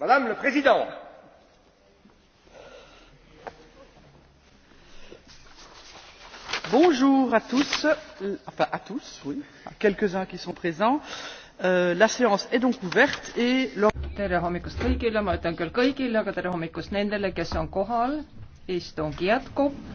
Madame le Président, bonjour à tous, enfin à tous, oui, à quelques-uns qui sont présents. Euh, la séance est donc ouverte et tere hommikust kõigile, ma ütlen küll kõigile, aga tere hommikust nendele, kes on kohal. istung jätkub.